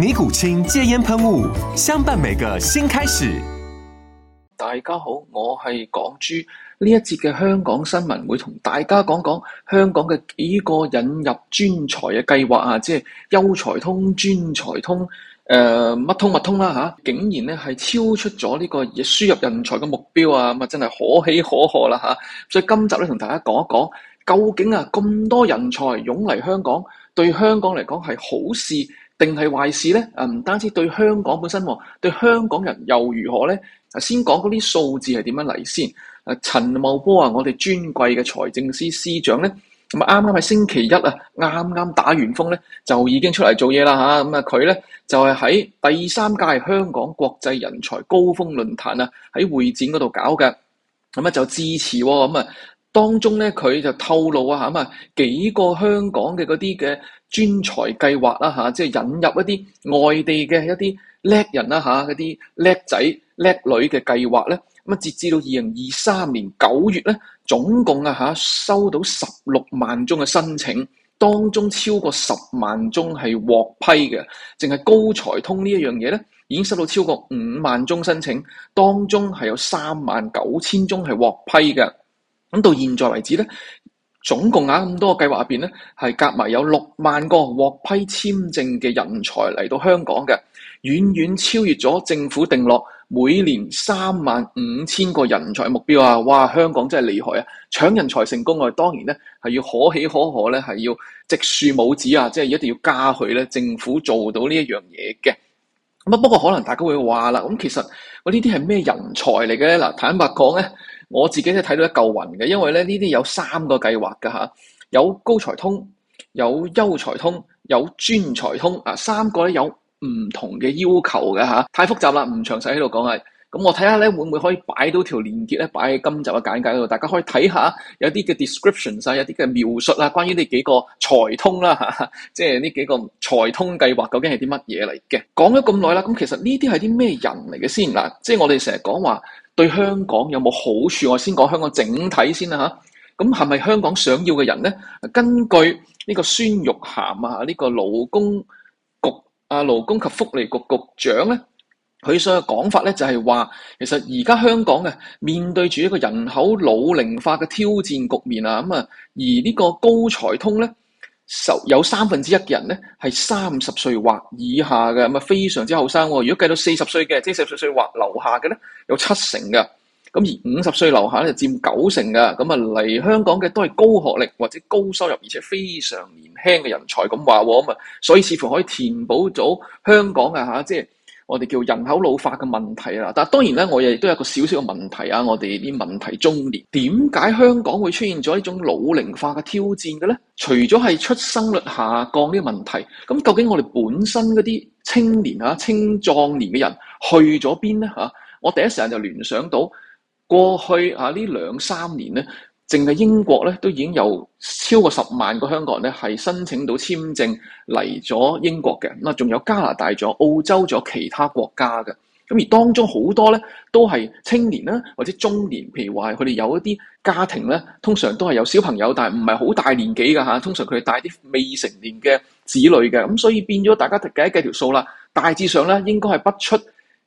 尼古清戒煙噴霧，相伴每個新開始。大家好，我係港豬。呢一節嘅香港新聞，會同大家講講香港嘅幾個引入專才嘅計劃啊，即係優才通、專才通、誒、呃、乜通乜通啦吓、啊，竟然咧係超出咗呢個輸入人才嘅目標啊，咁啊真係可喜可賀啦吓。所以今集咧同大家講一講，究竟啊咁多人才湧嚟香港，對香港嚟講係好事。定係壞事咧？啊，唔單止對香港本身，對香港人又如何咧？啊，先講嗰啲數字係點樣嚟先？啊，陳茂波啊，我哋尊貴嘅財政司司長咧，咁啊啱啱係星期一啊，啱啱打完風咧，就已經出嚟做嘢啦吓，咁啊，佢、嗯、咧就係、是、喺第三屆香港國際人才高峰論壇啊，喺會展嗰度搞嘅，咁、嗯、啊就支持喎、哦，咁、嗯、啊。當中咧，佢就透露啊嚇啊幾個香港嘅嗰啲嘅專才計劃啦嚇，即係引入一啲外地嘅一啲叻人啦嚇，嗰啲叻仔叻女嘅計劃咧。咁、嗯、啊，截至到二零二三年九月咧，總共啊嚇收到十六萬宗嘅申請，當中超過十萬宗係獲批嘅，淨係高才通呢一樣嘢咧，已經收到超過五萬宗申請，當中係有三萬九千宗係獲批嘅。咁到現在為止咧，總共啊咁多個計劃入邊咧，係夾埋有六萬個獲批簽證嘅人才嚟到香港嘅，遠遠超越咗政府定落每年三萬五千個人才目標啊！哇，香港真係厲害啊！搶人才成功外，啊，當然咧係要可喜可賀咧，係要直樹冇子啊！即係一定要加去咧，政府做到呢一樣嘢嘅。咁啊，不過可能大家會話啦，咁其實我呢啲係咩人才嚟嘅咧？嗱，坦白講咧。我自己都睇到一嚿雲嘅，因為咧呢啲有三個計劃嘅吓，有高才通、有優才通、有專才通啊，三個咧有唔同嘅要求嘅吓，太複雜啦，唔詳細喺度講係。咁我睇下咧，會唔會可以擺到條連結咧，擺喺今集嘅簡介度，大家可以睇下有啲嘅 description 晒，有啲嘅描述啊，關於呢幾個財通啦，即係呢幾個財通計劃究竟係啲乜嘢嚟嘅？講咗咁耐啦，咁其實呢啲係啲咩人嚟嘅先嗱？即係我哋成日講話對香港有冇好處，我先講香港整體先啦吓，咁係咪香港想要嘅人咧？根據呢個孫玉菡啊，呢個勞工局啊，勞工及福利局局長咧，佢所嘅講法咧，就係話，其實而家香港面對住一個人口老齡化嘅挑戰局面啊，咁啊，而呢個高才通咧，受有三分之一嘅人咧係三十歲或以下嘅，咁啊非常之後生喎。如果計到四十歲嘅，即係，四十歲或樓下嘅咧，有七成㗎，咁而五十歲樓下咧就佔九成㗎，咁啊嚟香港嘅都係高學歷或者高收入，而且非常年輕嘅人才咁話喎，咁啊，所以似乎可以填補到香港嘅吓，即係。我哋叫人口老化嘅問題啦，但係當然咧，我亦都有一個少少嘅問題啊！我哋啲問題中年點解香港會出現咗呢種老齡化嘅挑戰嘅咧？除咗係出生率下降呢個問題，咁究竟我哋本身嗰啲青年啊、青壯年嘅人去咗邊呢？嚇！我第一時間就聯想到過去啊，呢兩三年咧。淨係英國咧，都已經有超過十萬個香港人咧，係申請到簽證嚟咗英國嘅。咁啊，仲有加拿大、咗澳洲、咗其他國家嘅。咁而當中好多咧，都係青年啦，或者中年，譬如話佢哋有一啲家庭咧，通常都係有小朋友，但係唔係好大年紀㗎嚇。通常佢哋帶啲未成年嘅子女嘅。咁、啊、所以變咗大家計一計條數啦，大致上咧應該係不出，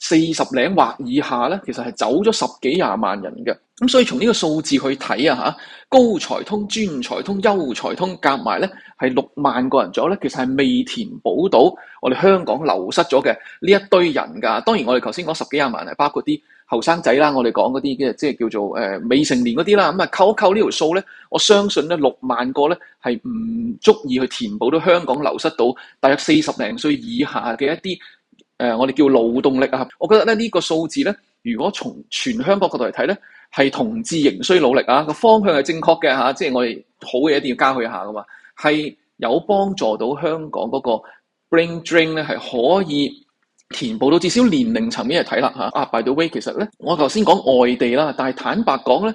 四十零或以下咧，其實係走咗十幾廿萬人嘅，咁所以從呢個數字去睇啊，高才通、專才通、優才通夾埋咧係六萬個人左右咧，其實係未填補到我哋香港流失咗嘅呢一堆人㗎。當然，我哋頭先講十幾廿萬人，包括啲後生仔啦，我哋講嗰啲嘅即係叫做、呃、未成年嗰啲啦。咁啊，扣一扣條數呢條數咧，我相信咧六萬個咧係唔足以去填補到香港流失到大約四十零歲以下嘅一啲。誒、呃，我哋叫勞動力啊！我覺得咧呢、這個數字咧，如果從全香港角度嚟睇咧，係同志仍需努力啊，個方向係正確嘅嚇，即係我哋好嘅一定要加去下噶嘛，係有幫助到香港嗰個 brain drain 咧，係可以填補到至少年齡層面嚟睇啦嚇。啊，by the way，其實咧，我頭先講外地啦，但係坦白講咧。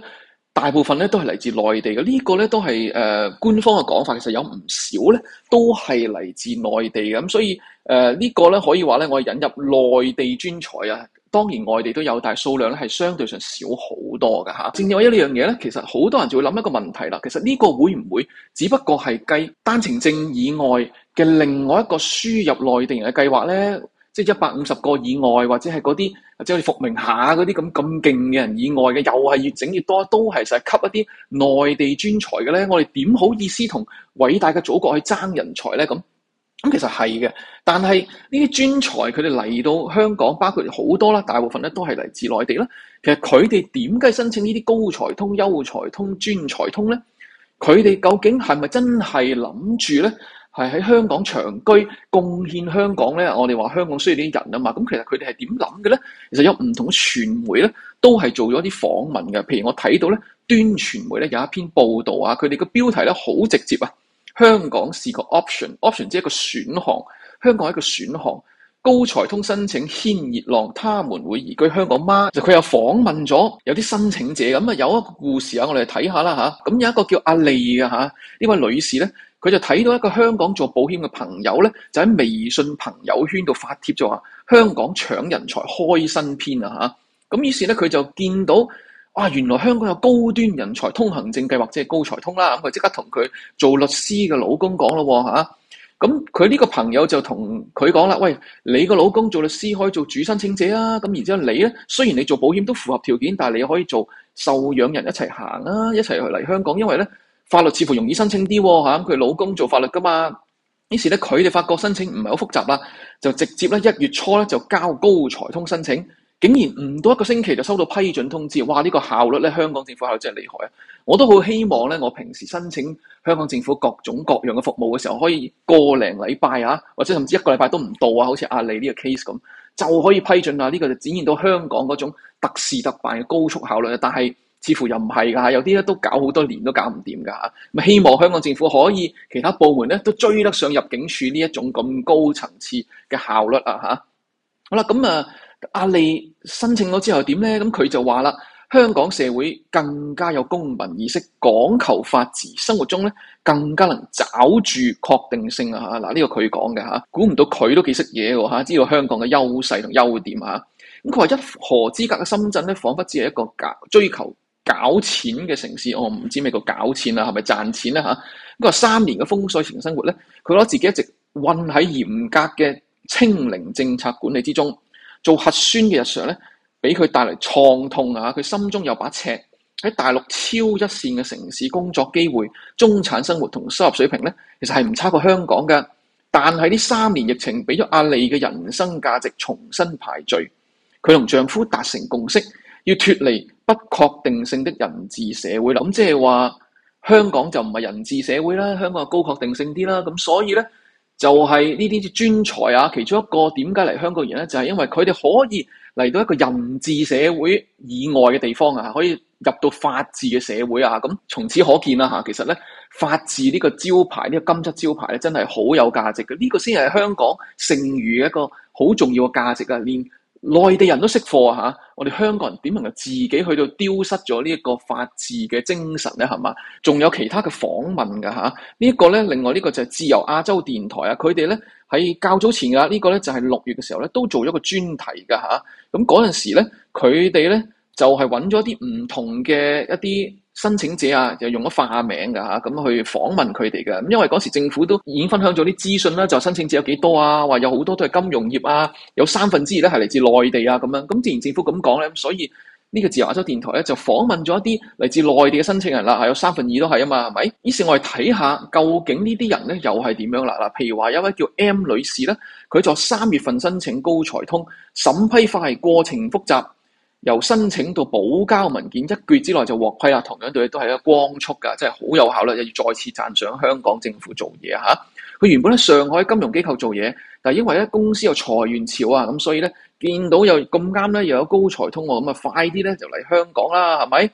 大部分咧都係嚟自內地嘅，呢、這個咧都係誒、呃、官方嘅講法，其實有唔少咧都係嚟自內地嘅，咁所以誒呢、呃這個咧可以話咧我係引入內地專才啊，當然外地都有，但係數量咧係相對上少好多㗎吓。正有一呢樣嘢咧，其實好多人就會諗一個問題啦，其實呢個會唔會只不過係計單程證以外嘅另外一個輸入內地人嘅計劃咧？即係一百五十個以外，或者係嗰啲即好似伏明霞嗰啲咁咁勁嘅人以外嘅，又係越整越多，都係實係吸一啲內地專才嘅咧。我哋點好意思同偉大嘅祖國去爭人才咧？咁咁其實係嘅，但係呢啲專才佢哋嚟到香港，包括好多啦，大部分咧都係嚟自內地啦。其實佢哋點解申請呢啲高才通、優才通、專才通咧？佢哋究竟係咪真係諗住咧？係喺香港長居，貢獻香港咧。我哋話香港需要啲人啊嘛。咁其實佢哋係點諗嘅咧？其實有唔同嘅傳媒咧，都係做咗啲訪問嘅。譬如我睇到咧，端傳媒咧有一篇報導啊，佢哋嘅標題咧好直接啊。香港是個 option，option 即係一個選項。香港係一個選項。高才通申請掀熱浪，他們會移居香港嗎？就佢又訪問咗有啲申請者咁啊、嗯，有一個故事看看啊，我哋睇下啦嚇。咁有一個叫阿麗嘅嚇，呢、啊、位女士咧。佢就睇到一個香港做保險嘅朋友咧，就喺微信朋友圈度發帖就話：香港搶人才開新篇呀。咁、啊、於是咧，佢就見到啊原來香港有高端人才通行證計劃，即係高才通啦。咁佢即刻同佢做律師嘅老公講咯。咁佢呢個朋友就同佢講啦，喂，你個老公做律師可以做主申請者啊！咁、啊、然之後你咧，雖然你做保險都符合條件，但係你可以做受養人一齊行啊，一齊去嚟香港，因為咧。法律似乎容易申請啲喎，佢老公做法律噶嘛，於是咧佢哋發覺申請唔係好複雜啦，就直接咧一月初咧就交高財通申請，竟然唔到一個星期就收到批准通知，哇！呢個效率咧，香港政府效率真係厲害啊！我都好希望咧，我平時申請香港政府各種各樣嘅服務嘅時候，可以過零禮拜啊，或者甚至一個禮拜都唔到啊，好似阿里呢個 case 咁，就可以批准啊！呢個就展現到香港嗰種特事特辦嘅高速效率啊！但係，似乎又唔係㗎，有啲咧都搞好多年都搞唔掂㗎嚇。咁希望香港政府可以其他部門咧都追得上入境處呢一種咁高層次嘅效率啊嚇。好啦，咁、嗯、啊，阿利申請咗之後點咧？咁佢就話啦，香港社會更加有公民意識，講求法治，生活中咧更加能找住確定性啊嚇。嗱、啊、呢、呢個佢講嘅嚇，估唔到佢都幾識嘢喎嚇，知道香港嘅優勢同優點啊。咁佢話一河之隔嘅深圳咧，彷彿只係一個追求。搞錢嘅城市，我唔知咩叫搞錢啦，係咪賺錢啦吓？咁三年嘅封鎖型生活咧，佢攞自己一直混喺嚴格嘅清零政策管理之中，做核酸嘅日常咧，俾佢帶嚟創痛啊！佢心中有把尺，喺大陸超一線嘅城市工作機會、中產生活同收入水平咧，其實係唔差過香港嘅。但係呢三年疫情俾咗阿麗嘅人生價值重新排序，佢同丈夫達成共識。要脫離不確定性的人治社會啦，咁即係話香港就唔係人治社會啦，香港係高確定性啲啦，咁所以咧就係呢啲專才啊，其中一個點解嚟香港人咧，就係因為佢哋可以嚟到一個人治社會以外嘅地方啊，可以入到法治嘅社會啊，咁從此可見啦嚇，其實咧法治呢個招牌，呢個金質招牌咧，真係好有價值嘅，呢個先係香港剩餘一個好重要嘅價值啊，連內地人都識貨啊！嚇，我哋香港人點明啊，自己去到丟失咗呢一個法治嘅精神咧，係嘛？仲有其他嘅訪問噶嚇，呢一個咧，另外呢個就係自由亞洲電台啊，佢哋咧喺較早前啊，呢個、呢個咧就係、是、六月嘅時候咧，都做咗個專題噶嚇，咁嗰陣時咧，佢哋咧。就係揾咗啲唔同嘅一啲申請者啊，就用咗化名㗎吓。咁去訪問佢哋嘅。咁因為嗰時政府都已經分享咗啲資訊啦，就申請者有幾多啊？話有好多都係金融業啊，有三分之二咧係嚟自內地啊，咁樣。咁自然政府咁講咧，所以呢個自由亞洲電台咧就訪問咗一啲嚟自內地嘅申請人啦，係有三分之二都係啊嘛，係咪？於是，我哋睇下究竟呢啲人咧又係點樣啦？嗱，譬如話有一位叫 M 女士咧，佢就三月份申請高才通，審批快，過程複雜。由申請到補交文件，一個月之內就獲批啦，同樣對你都係一個光速噶，即係好有效率。又要再次讚賞香港政府做嘢吓，佢原本喺上海金融機構做嘢，但係因為咧公司有裁員潮啊，咁所以咧見到又咁啱咧又有高才通喎，咁啊快啲咧就嚟香港啦，係咪？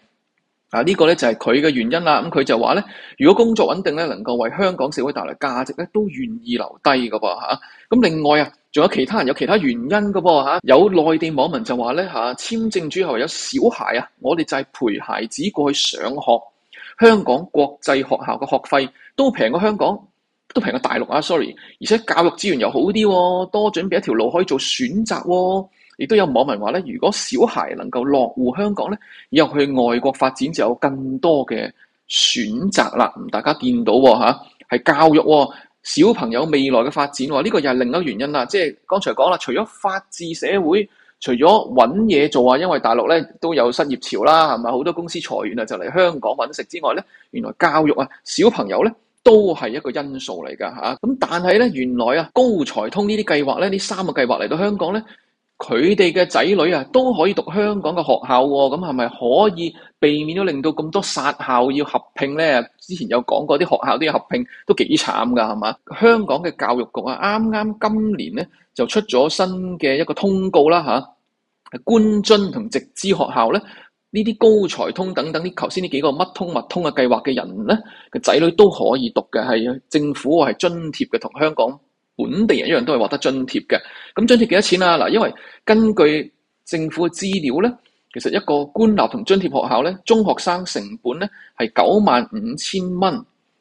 啊！呢個咧就係佢嘅原因啦。咁佢就話咧，如果工作穩定咧，能夠為香港社會帶來價值咧，都願意留低嘅噃嚇。咁另外啊，仲有其他人有其他原因嘅噃嚇。有內地網民就話咧嚇，簽證之後有小孩啊，我哋就係陪孩子過去上學。香港國際學校嘅學費都平過香港，都平過大陸啊。Sorry，而且教育資源又好啲，多準備一條路可以做選擇喎。亦都有網民話咧，如果小孩能夠落戶香港咧，以後去外國發展就有更多嘅選擇啦。大家見到嚇，係教育小朋友未來嘅發展，呢個又係另一個原因啦。即係剛才講啦，除咗法治社會，除咗揾嘢做啊，因為大陸咧都有失業潮啦，係咪好多公司裁員啊，就嚟香港揾食之外咧，原來教育啊，小朋友咧都係一個因素嚟㗎嚇。咁但係咧，原來啊，高才通呢啲計劃咧，呢三個計劃嚟到香港咧。佢哋嘅仔女啊，都可以讀香港嘅學校，咁係咪可以避免咗令到咁多殺校要合併咧？之前有講過啲學校都要合併都幾慘噶，係嘛？香港嘅教育局啊，啱啱今年咧就出咗新嘅一個通告啦，吓、啊、官津同直資學校咧，呢啲高才通等等啲，頭先呢幾個乜通乜通嘅計劃嘅人咧嘅仔女都可以讀嘅，係政府係津貼嘅，同香港。本地人一樣都係獲得津貼嘅。咁津貼幾多錢啊？嗱，因為根據政府嘅資料咧，其實一個官立同津貼學校咧，中學生成本咧係九萬五千蚊，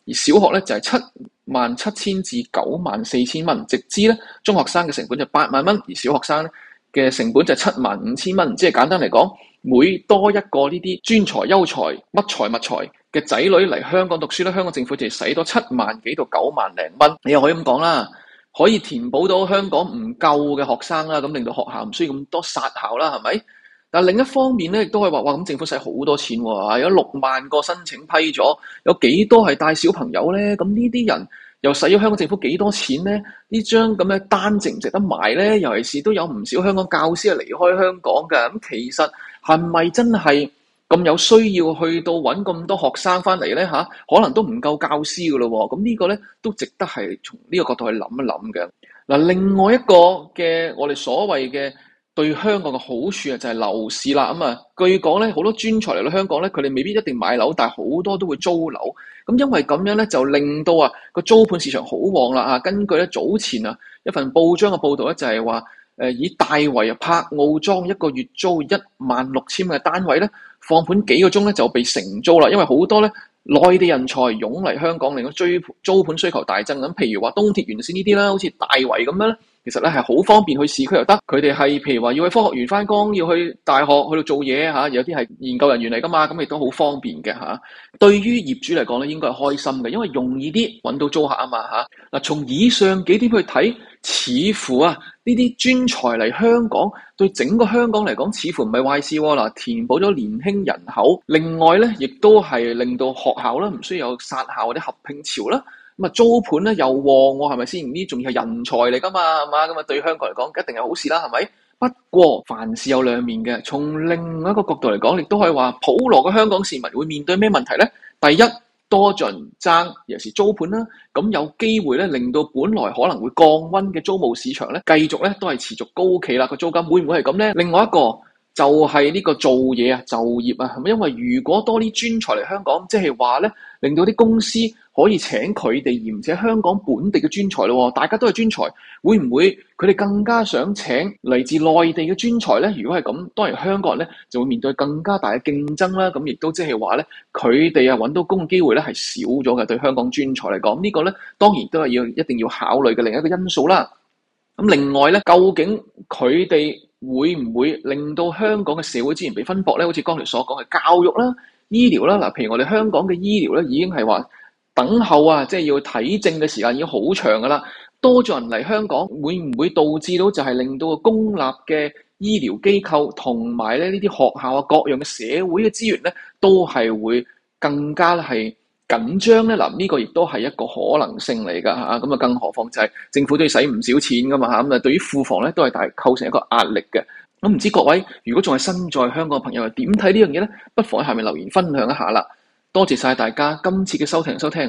而小學咧就係七萬七千至九萬四千蚊。直至咧，中學生嘅成本就八萬蚊，而小學生嘅成本就七萬五千蚊。即係簡單嚟講，每多一個呢啲專才、優才、乜才、乜才嘅仔女嚟香港讀書咧，香港政府就係使多七萬幾到九萬零蚊。你又可以咁講啦。可以填補到香港唔夠嘅學生啦，咁令到學校唔需要咁多殺校啦，係咪？但另一方面咧，亦都可以話：哇！咁政府使好多錢喎，有六萬個申請批咗，有幾多係帶小朋友咧？咁呢啲人又使咗香港政府幾多錢咧？呢張咁嘅單值唔值得買咧？尤其是都有唔少香港教師係離開香港㗎。咁其實係咪真係？咁有需要去到揾咁多學生翻嚟咧，吓可能都唔夠教師噶咯。咁呢個咧都值得係從呢個角度去諗一諗嘅嗱。另外一個嘅我哋所謂嘅對香港嘅好處啊，就係樓市啦。咁啊，據講咧好多專才嚟到香港咧，佢哋未必一定買樓，但係好多都會租樓咁，因為咁樣咧就令到啊個租盤市場好旺啦。啊，根據咧早前啊一份報章嘅報道咧，就係話誒以大圍柏傲莊一個月租一萬六千嘅單位咧，放盤幾個鐘咧就被承租啦，因為好多咧內地人才湧嚟香港嚟到追租盤需求大增咁。譬如話東鐵沿線呢啲啦，好似大圍咁樣咧，其實咧係好方便去市區又得。佢哋係譬如話要去科學園翻工，要去大學去度做嘢嚇，有啲係研究人員嚟噶嘛，咁亦都好方便嘅嚇。對於業主嚟講咧，應該係開心嘅，因為容易啲揾到租客啊嘛嚇。嗱，從以上幾點去睇，似乎啊。呢啲專才嚟香港，對整個香港嚟講，似乎唔係壞事喎。嗱，填補咗年輕人口，另外咧，亦都係令到學校啦，唔需要有殺校或者合併潮啦。咁啊，租盤咧又旺喎，係咪先？呢，仲要係人才嚟㗎嘛，係嘛？咁啊，對香港嚟講，一定係好事啦，係咪？不過凡事有兩面嘅，從另一個角度嚟講，亦都可以話普羅嘅香港市民會面對咩問題咧？第一。多盡爭，尤其是租盤啦，咁有機會咧，令到本來可能會降溫嘅租務市場咧，繼續咧都係持續高企啦。個租金會唔會係咁咧？另外一個就係、是、呢個做嘢啊，就業啊，因為如果多啲專才嚟香港，即係話咧。令到啲公司可以請佢哋，而且香港本地嘅專才咯，哦，大家都係專才，會唔會佢哋更加想請嚟自內地嘅專才呢？如果係咁，當然香港人咧就會面對更加大嘅競爭啦。咁亦都即係話咧，佢哋啊揾到工嘅機會咧係少咗嘅，對香港專才嚟講，個呢個咧當然都係要一定要考慮嘅另一個因素啦。咁另外咧，究竟佢哋會唔會令到香港嘅社會資源被分薄咧？好似剛才所講嘅教育啦。醫療啦，嗱，譬如我哋香港嘅醫療咧，已經係話等候啊，即係要睇症嘅時間已經好長噶啦。多咗人嚟香港，會唔會導致到就係令到個公立嘅醫療機構同埋咧呢啲學校啊各樣嘅社會嘅資源咧，都係會更加係緊張咧？嗱，呢個亦都係一個可能性嚟㗎嚇。咁啊，更何況就係政府都要使唔少錢噶嘛嚇。咁啊，對於庫房咧，都係大構成一個壓力嘅。我唔知各位如果仲係身在香港嘅朋友，點睇呢樣嘢咧？不妨喺下面留言分享一下啦！多謝晒大家今次嘅收聽收聽。